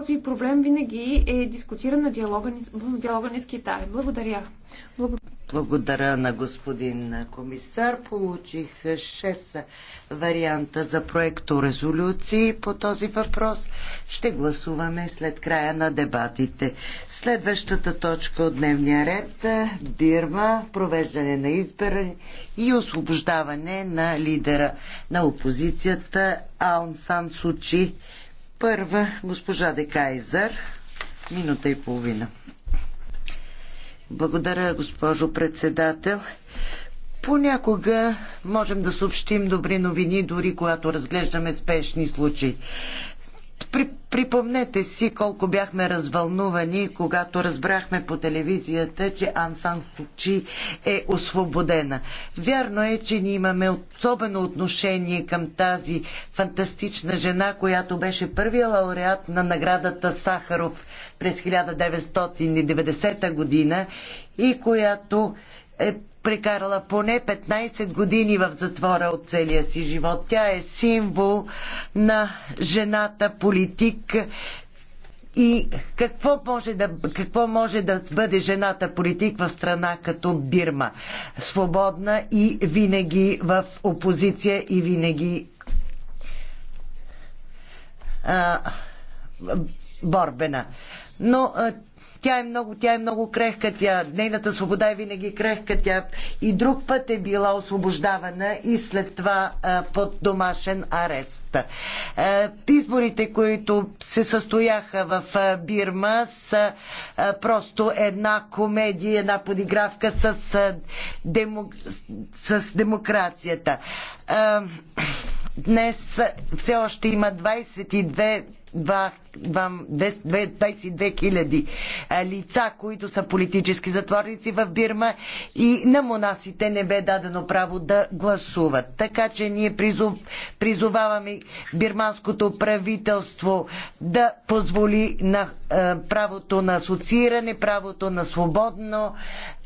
този проблем винаги е дискутиран на диалога, диалога ни с Китай. Благодаря. Благодаря. Благодаря на господин комисар. Получих 6 варианта за проекто резолюции по този въпрос. Ще гласуваме след края на дебатите. Следващата точка от дневния ред – Бирма, провеждане на избори и освобождаване на лидера на опозицията Аун Сан Сучи. Първа госпожа Декайзер, минута и половина. Благодаря, госпожо председател. Понякога можем да съобщим добри новини, дори когато разглеждаме спешни случаи. При, припомнете си колко бяхме развълнувани, когато разбрахме по телевизията, че Ансан Сучи е освободена. Вярно е, че ние имаме особено отношение към тази фантастична жена, която беше първия лауреат на наградата Сахаров през 1990 година и която е прекарала поне 15 години в затвора от целия си живот. Тя е символ на жената политик, и какво може, да, какво може да бъде жената политик в страна като Бирма? Свободна и винаги в опозиция и винаги а, борбена. Но а, тя е много, тя е много крехка, тя, нейната свобода е винаги крехка. Тя и друг път е била освобождавана и след това под домашен арест. изборите, които се състояха в Бирма, са просто една комедия, една подигравка с, демо, с демокрацията. Днес все още има 22 два 22 хиляди лица, които са политически затворници в Бирма и на монасите не бе дадено право да гласуват. Така че ние призов, призоваваме бирманското правителство да позволи на е, правото на асоцииране, правото на свободно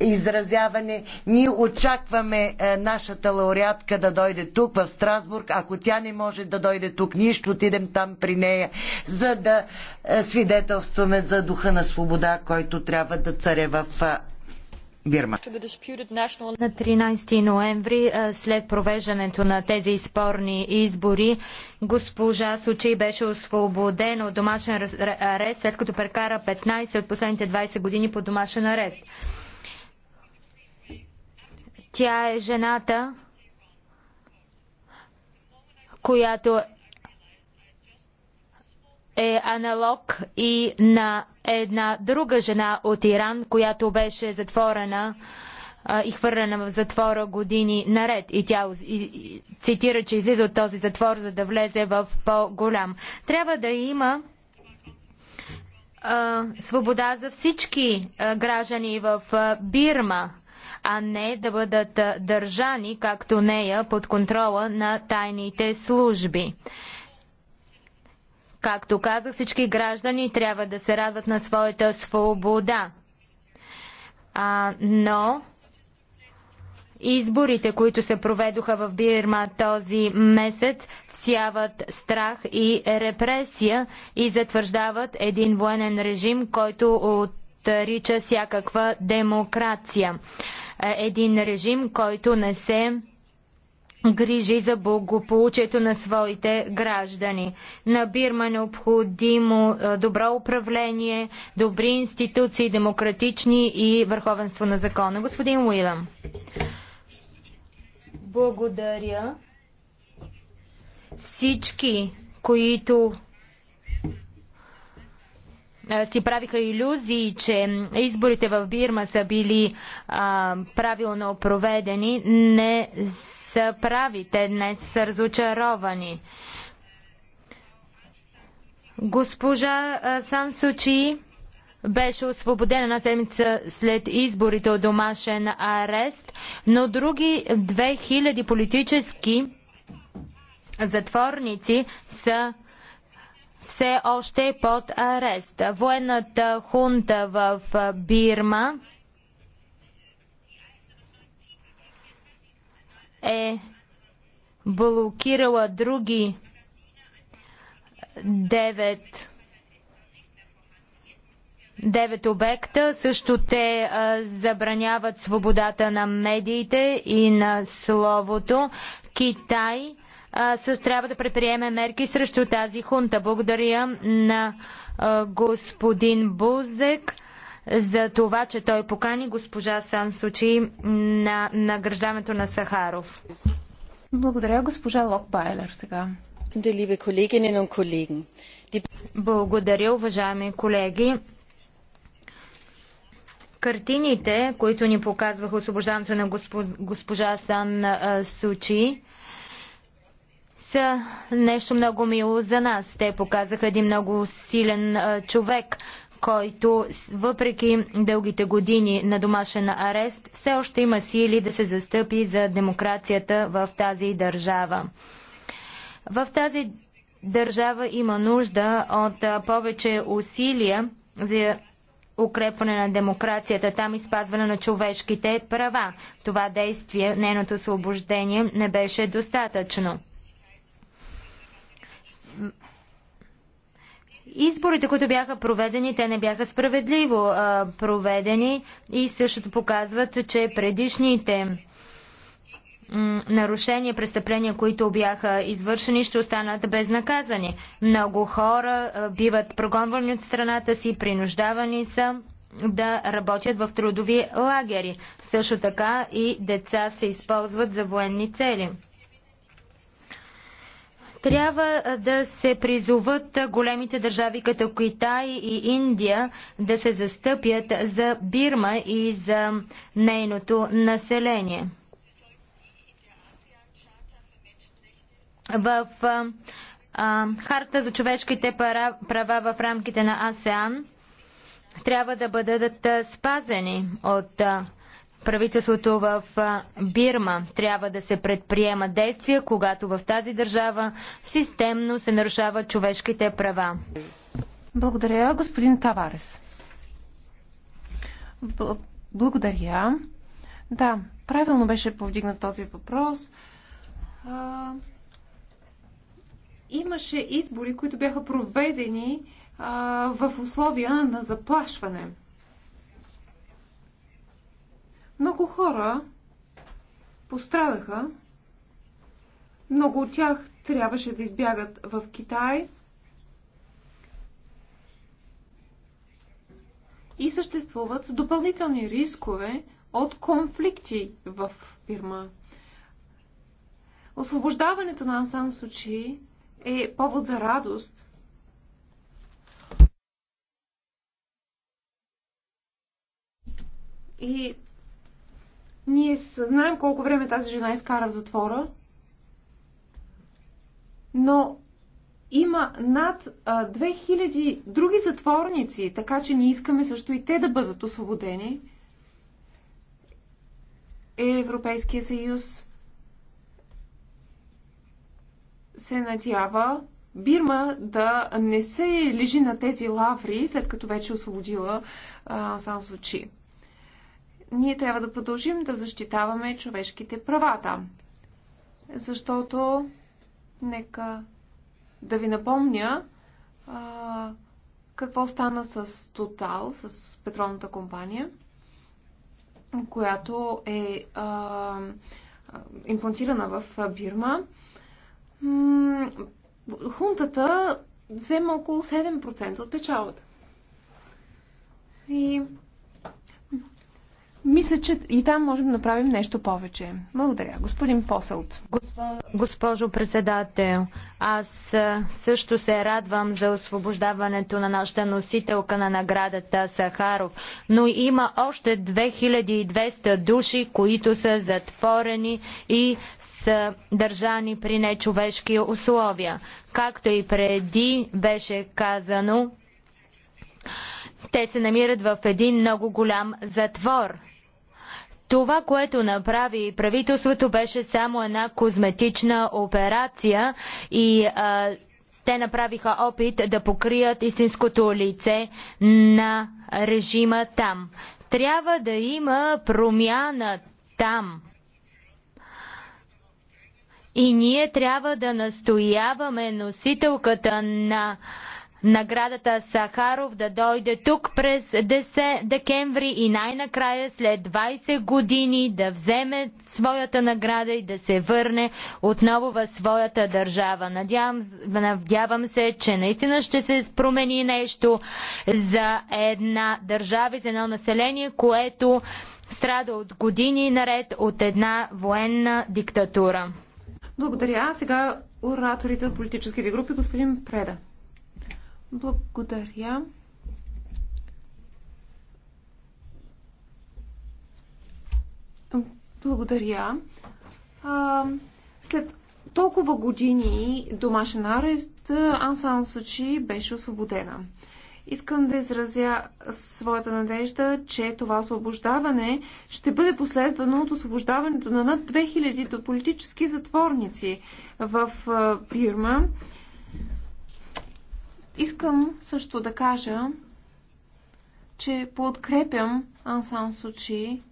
изразяване. Ние очакваме е, нашата лауреатка да дойде тук в Страсбург. Ако тя не може да дойде тук, ние ще отидем там при нея, за да е, свидетелстваме за духа на свобода, който трябва да царе в е, Бирма. На 13 ноември, е, след провеждането на тези спорни избори, госпожа Сочи беше освободена от домашен арест, след като прекара 15 от последните 20 години под домашен арест. Тя е жената, която е аналог и на една друга жена от Иран, която беше затворена и хвърлена в затвора години наред. И тя цитира, че излиза от този затвор, за да влезе в по-голям. Трябва да има а, свобода за всички а, граждани в Бирма а не да бъдат държани, както нея, под контрола на тайните служби. Както казах, всички граждани трябва да се радват на своята свобода. А, но изборите, които се проведоха в Бирма този месец, всяват страх и репресия и затвърждават един военен режим, който от рича всякаква демокрация. Е, един режим, който не се грижи за благополучието на своите граждани. На Бирма е необходимо е, добро управление, добри институции, демократични и върховенство на закона. Господин Уилам. Благодаря всички, които е, си правиха иллюзии, че изборите в Бирма са били а, правилно проведени, не са прави. Те днес са разочаровани. Госпожа Сан Сучи беше освободена на седмица след изборите от домашен арест, но други 2000 политически затворници са все още под арест. Военната хунта в Бирма е блокирала други девет девет обекта. Също те а, забраняват свободата на медиите и на словото. Китай а, също трябва да предприеме мерки срещу тази хунта. Благодаря на а, господин Бузек за това, че той покани госпожа Сан Сучи на награждането на Сахаров. Благодаря, госпожа Лок Байлер сега. Благодаря, уважаеми колеги. Картините, които ни показваха освобождаването на госпожа Сан Сучи, са нещо много мило за нас. Те показаха един много силен човек, който въпреки дългите години на домашен арест все още има сили да се застъпи за демокрацията в тази държава. В тази държава има нужда от повече усилия за укрепване на демокрацията, там изпазване на човешките права. Това действие, нейното освобождение, не беше достатъчно. Изборите, които бяха проведени, те не бяха справедливо а, проведени и същото показват, че предишните нарушения, престъпления, които бяха извършени, ще останат безнаказани. Много хора а, биват прогонвани от страната си, принуждавани са да работят в трудови лагери. Също така и деца се използват за военни цели. Трябва да се призоват големите държави като Китай и Индия да се застъпят за Бирма и за нейното население. В а, Харта за човешките права в рамките на АСЕАН трябва да бъдат спазени от правителството в Бирма трябва да се предприема действия, когато в тази държава системно се нарушават човешките права. Благодаря, господин Таварес. Благодаря. Да, правилно беше повдигнат този въпрос. А, имаше избори, които бяха проведени а, в условия на заплашване. Много хора пострадаха. Много от тях трябваше да избягат в Китай. И съществуват допълнителни рискове от конфликти в Бирма. Освобождаването на Ансан Сучи е повод за радост. И ние знаем колко време тази жена изкара в затвора, но има над 2000 други затворници, така че ние искаме също и те да бъдат освободени. Европейския съюз се надява Бирма да не се лежи на тези лаври, след като вече освободила Сан Сучи ние трябва да продължим да защитаваме човешките права там. Защото, нека да ви напомня, а, какво стана с Тотал, с петролната компания, която е а, имплантирана в Бирма. Хунтата взема около 7% от печалата. И мисля, че и там можем да направим нещо повече. Благодаря. Господин Поселт. Госпожо председател, аз също се радвам за освобождаването на нашата носителка на наградата Сахаров, но има още 2200 души, които са затворени и са държани при нечовешки условия. Както и преди беше казано, те се намират в един много голям затвор това, което направи правителството, беше само една козметична операция и а, те направиха опит да покрият истинското лице на режима там. Трябва да има промяна там. И ние трябва да настояваме носителката на наградата Сахаров да дойде тук през 10 декември и най-накрая след 20 години да вземе своята награда и да се върне отново в своята държава. Надявам, надявам се, че наистина ще се промени нещо за една държава и за едно население, което страда от години наред от една военна диктатура. Благодаря. Сега ораторите от политическите групи, господин Преда. Благодаря. Благодаря. А, след толкова години домашен арест, Ансан Сочи беше освободена. Искам да изразя своята надежда, че това освобождаване ще бъде последвано от освобождаването на над 2000 политически затворници в Бирма. Искам също да кажа, че подкрепям Ансан Сучи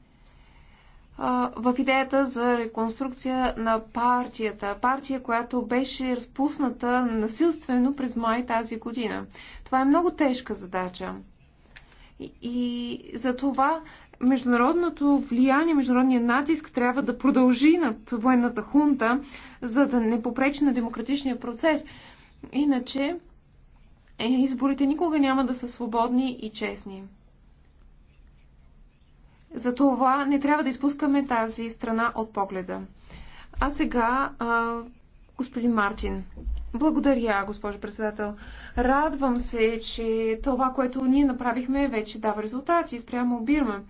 в идеята за реконструкция на партията. Партия, която беше разпусната насилствено през май тази година. Това е много тежка задача. И, и за това международното влияние, международният натиск трябва да продължи над военната хунта, за да не попречи на демократичния процес. Иначе е, изборите никога няма да са свободни и честни. Затова не трябва да изпускаме тази страна от погледа. А сега, а, господин Мартин. Благодаря, госпожо председател. Радвам се, че това, което ние направихме, вече дава резултати спрямо Бирма.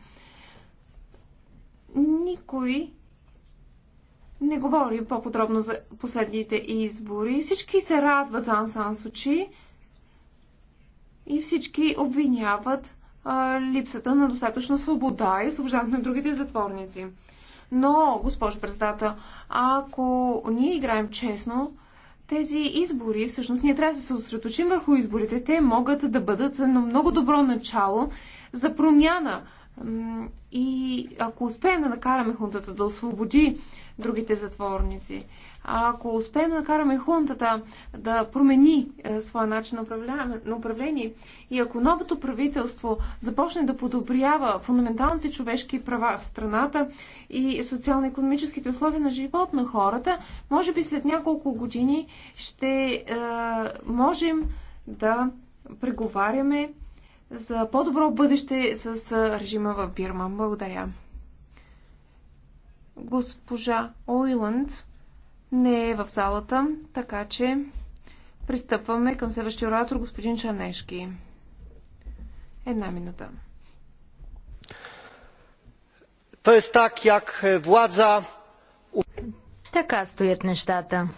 Никой не говори по-подробно за последните избори. Всички се радват за Ансан Сучи и всички обвиняват а, липсата на достатъчно свобода и освобождаването на другите затворници. Но, госпожо председател, ако ние играем честно, тези избори, всъщност ние трябва да се съсредоточим върху изборите. Те могат да бъдат едно много добро начало за промяна и ако успеем да накараме хунтата да освободи другите затворници, ако успеем да накараме хунтата да промени е, своя начин на управление и ако новото правителство започне да подобрява фундаменталните човешки права в страната и социално-економическите условия на живот на хората, може би след няколко години ще е, можем да преговаряме за по-добро бъдеще с режима в Бирма. Благодаря. Госпожа Ойланд не е в залата, така че пристъпваме към следващия оратор, господин Чанешки. Една минута. władza... Е е, така стоят нещата.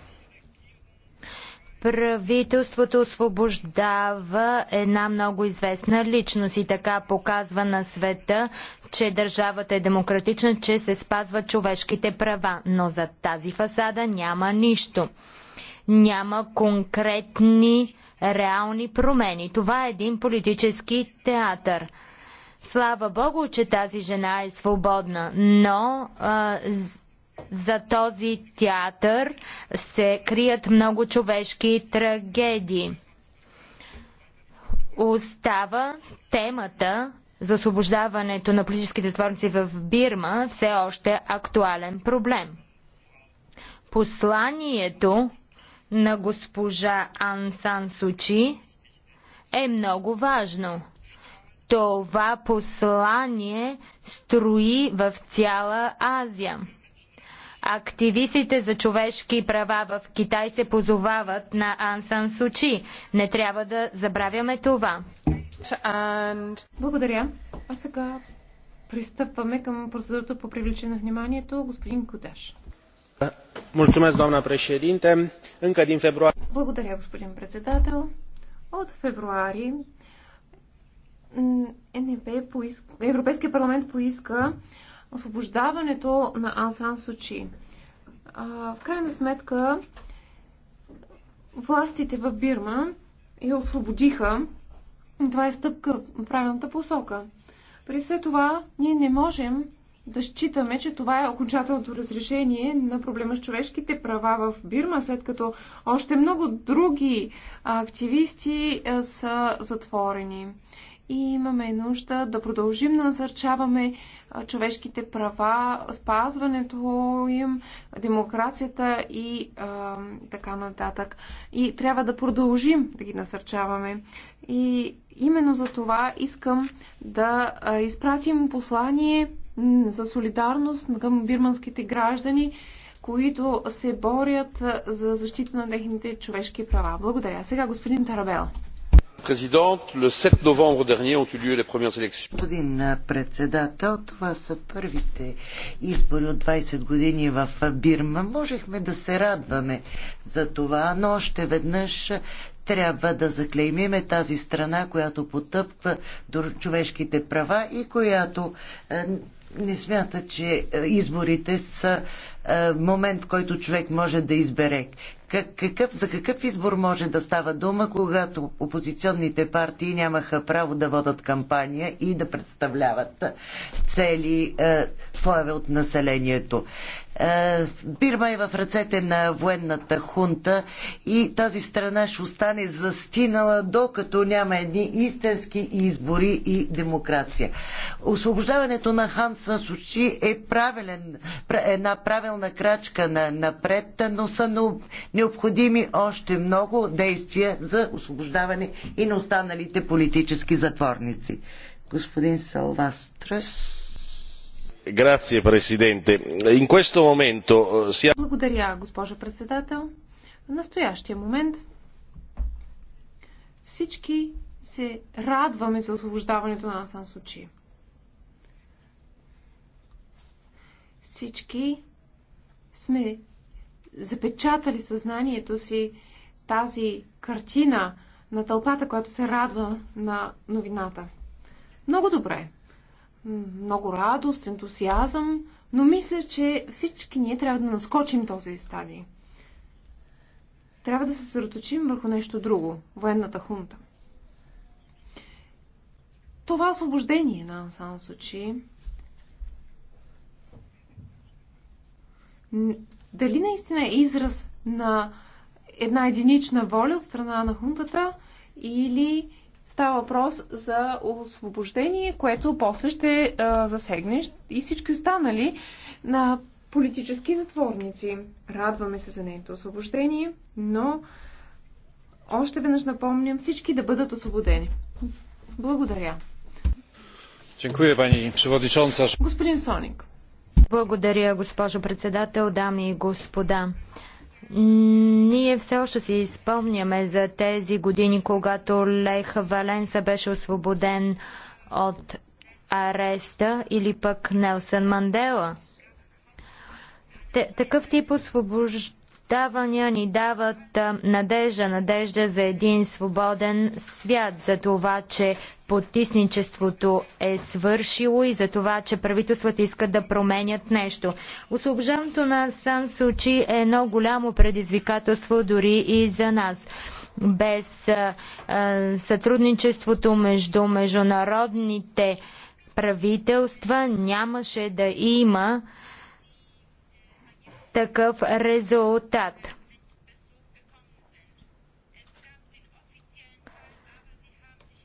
Правителството освобождава една много известна личност и така показва на света, че държавата е демократична, че се спазват човешките права. Но за тази фасада няма нищо. Няма конкретни, реални промени. Това е един политически театър. Слава Богу, че тази жена е свободна, но а, за този театър се крият много човешки трагедии. Остава темата за освобождаването на политическите затворници в Бирма все още актуален проблем. Посланието на госпожа Ансан Сучи е много важно. Това послание строи в цяла Азия. Активистите за човешки права в Китай се позовават на Ансан Сучи. Не трябва да забравяме това. And... Благодаря. А сега пристъпваме към процедурата по привличане на вниманието. Господин Кудаш. Благодаря, господин председател. От февруари НБ поиска, Европейския парламент поиска освобождаването на Ансан Сочи. В крайна сметка, властите в Бирма я освободиха. Това е стъпка в правилната посока. При все това, ние не можем да считаме, че това е окончателното разрешение на проблема с човешките права в Бирма, след като още много други активисти е, са затворени и имаме нужда да продължим да насърчаваме човешките права, спазването им, демокрацията и а, така нататък. И трябва да продължим да ги насърчаваме. И именно за това искам да изпратим послание за солидарност към бирманските граждани, които се борят за защита на техните човешки права. Благодаря. Сега господин Тарабел. Господин председател, това са първите избори от 20 години в Бирма. Можехме да се радваме за това, но още веднъж трябва да заклеймиме тази страна, която потъпква човешките права и която не смята, че изборите са е, момент, в който човек може да избере. Какъв, за какъв избор може да става дума, когато опозиционните партии нямаха право да водат кампания и да представляват цели е, слоеве от населението? Е, Бирма е в ръцете на военната хунта и тази страна ще остане застинала, докато няма едни истински избори и демокрация. Освобождаването на Ханса Сочи е правилен, една правилна реална крачка на, напред, но са необходими още много действия за освобождаване и на останалите политически затворници. Господин Салвастрес. Грация, президенте. In questo momento... Eh, Благодаря, госпожо председател. В настоящия момент всички се радваме за освобождаването на Асан Сочи. Всички сме запечатали съзнанието си тази картина на тълпата, която се радва на новината. Много добре. Много радост, ентусиазъм, но мисля, че всички ние трябва да наскочим този стадий. Трябва да се съсредоточим върху нещо друго военната хунта. Това освобождение на Ансан Сочи дали наистина е израз на една единична воля от страна на хунтата или става въпрос за освобождение, което после ще засегне и всички останали на политически затворници. Радваме се за нейното освобождение, но още веднъж напомням всички да бъдат освободени. Благодаря. Dziękuję pani przewodnicząca. Господин Соник. Благодаря, госпожо председател, дами и господа. Ние все още си спомняме за тези години, когато Лех Валенса беше освободен от ареста или пък Нелсън Мандела. Такъв тип освобож изтъквания ни дават надежда, надежда за един свободен свят, за това, че потисничеството е свършило и за това, че правителствата искат да променят нещо. Освобождаването на Сан Сучи е едно голямо предизвикателство дори и за нас. Без а, а, сътрудничеството между международните правителства нямаше да има а, такъв резултат.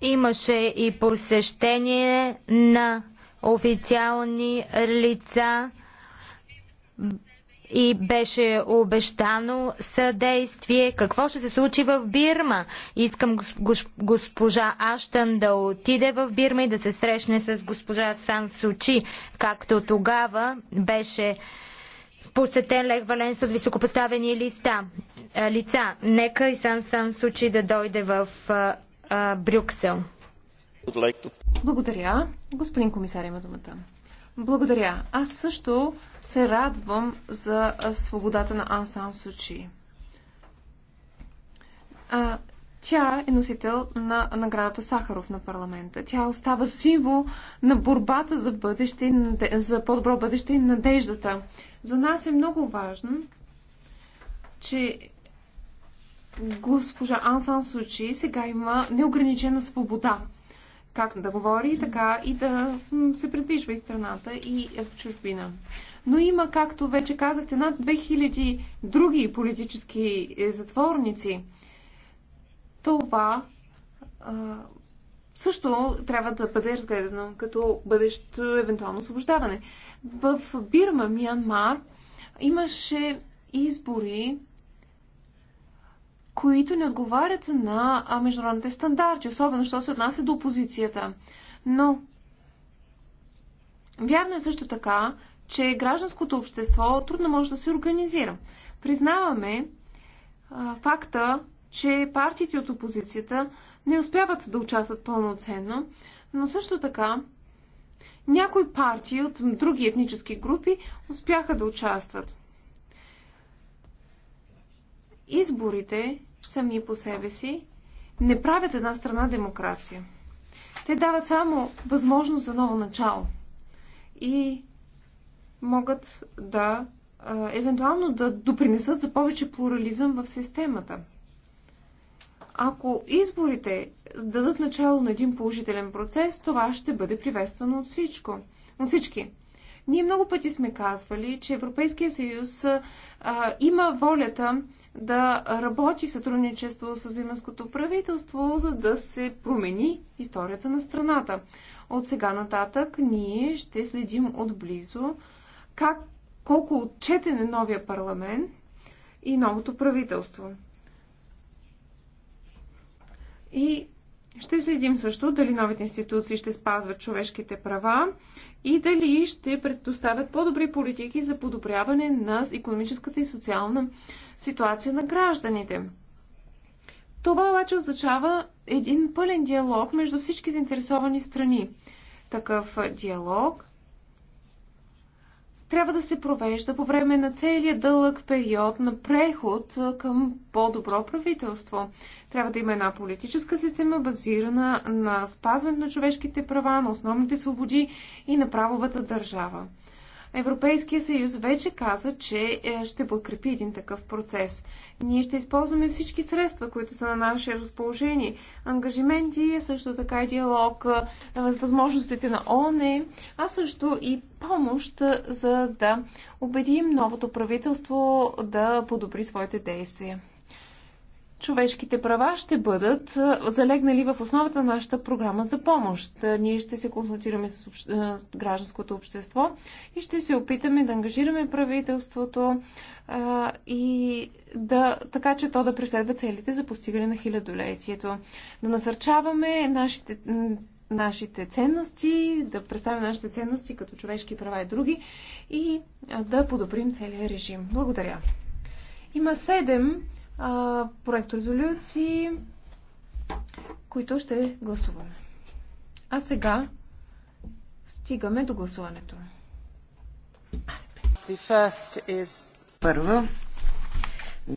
Имаше и посещение на официални лица и беше обещано съдействие. Какво ще се случи в Бирма? Искам госпожа Аштън да отиде в Бирма и да се срещне с госпожа Сан Сучи, както тогава беше посетен Лех Валенс от високопоставени листа, лица. Нека и Сан Сан Сучи да дойде в Брюксел. Благодаря. Господин комисар има думата. Благодаря. Аз също се радвам за свободата на Ансан Сучи. Тя е носител на наградата Сахаров на парламента. Тя остава символ на борбата за бъдеще, за по-добро бъдеще и надеждата. За нас е много важно, че госпожа Ансан Сучи сега има неограничена свобода. Как да говори, така и да се предвижва и страната, и е, в чужбина. Но има, както вече казахте, над 2000 други политически е, затворници – това а, също трябва да бъде разгледано като бъдещо евентуално освобождаване. В Бирма, Миянмар, имаше избори, които не отговарят на международните стандарти, особено що се отнася до опозицията. Но вярно е също така, че гражданското общество трудно може да се организира. Признаваме а, факта, че партиите от опозицията не успяват да участват пълноценно, но също така някои партии от други етнически групи успяха да участват. Изборите сами по себе си не правят една страна демокрация. Те дават само възможност за ново начало и могат да евентуално да допринесат за повече плурализъм в системата. Ако изборите дадат начало на един положителен процес, това ще бъде приветствано от, всичко, от всички. Ние много пъти сме казвали, че Европейския съюз а, има волята да работи в сътрудничество с бирманското правителство, за да се промени историята на страната. От сега нататък ние ще следим отблизо как, колко отчетен е новия парламент и новото правителство. И ще следим също дали новите институции ще спазват човешките права и дали ще предоставят по-добри политики за подобряване на економическата и социална ситуация на гражданите. Това обаче означава един пълен диалог между всички заинтересовани страни. Такъв диалог трябва да се провежда по време на целия дълъг период на преход към по-добро правителство. Трябва да има една политическа система, базирана на спазването на човешките права, на основните свободи и на правовата държава. Европейския съюз вече каза, че е, ще подкрепи един такъв процес. Ние ще използваме всички средства, които са на наше разположение. Ангажименти, също така и диалог, е, възможностите на ООН, а също и помощ, е, за да убедим новото правителство да подобри своите действия човешките права ще бъдат залегнали в основата на нашата програма за помощ. Ние ще се консултираме с гражданското общество и ще се опитаме да ангажираме правителството и да, така че то да преследва целите за постигане на хилядолетието. Да насърчаваме нашите нашите ценности, да представим нашите ценности като човешки права и други и да подобрим целият режим. Благодаря. Има седем Проект резолюции, които ще гласуваме. А сега стигаме до гласуването. Първо